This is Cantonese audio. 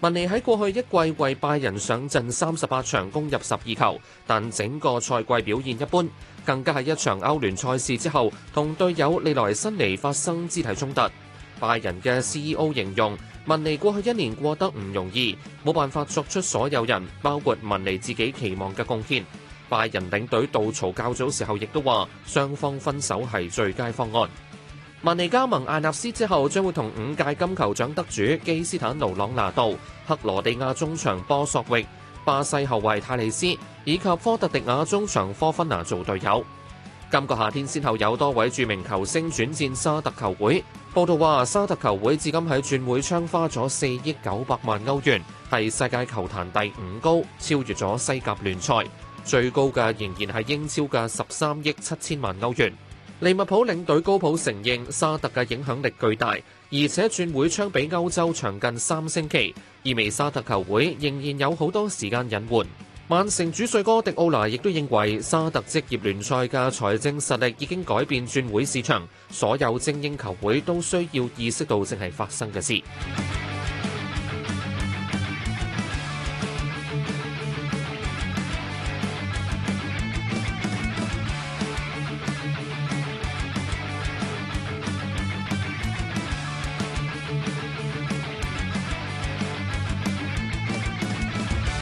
文尼喺過去一季為拜仁上陣三十八場，攻入十二球，但整個賽季表現一般，更加係一場歐聯賽事之後，同隊友利萊辛尼發生肢體衝突。拜仁嘅 CEO 形容文尼過去一年過得唔容易，冇辦法作出所有人包括文尼自己期望嘅貢獻。拜仁領隊杜曹較早時候亦都話，雙方分手係最佳方案。曼尼加盟艾納斯之後，將會同五屆金球獎得主基斯坦奴朗拿度、克羅地亞中場波索域、巴西後衛泰利斯以及科特迪瓦中場科芬拿做隊友。今個夏天先後有多位著名球星轉戰沙特球會。報道話，沙特球會至今喺轉會窗花咗四億九百萬歐元，係世界球壇第五高，超越咗西甲聯賽最高嘅，仍然係英超嘅十三億七千萬歐元。利物浦領隊高普承認沙特嘅影響力巨大，而且轉會窗比歐洲長近三星期，意味沙特球會仍然有好多時間隱換。曼城主帥哥迪奧拉亦都認為沙特職業聯賽嘅財政實力已經改變轉會市場，所有精英球會都需要意識到正係發生嘅事。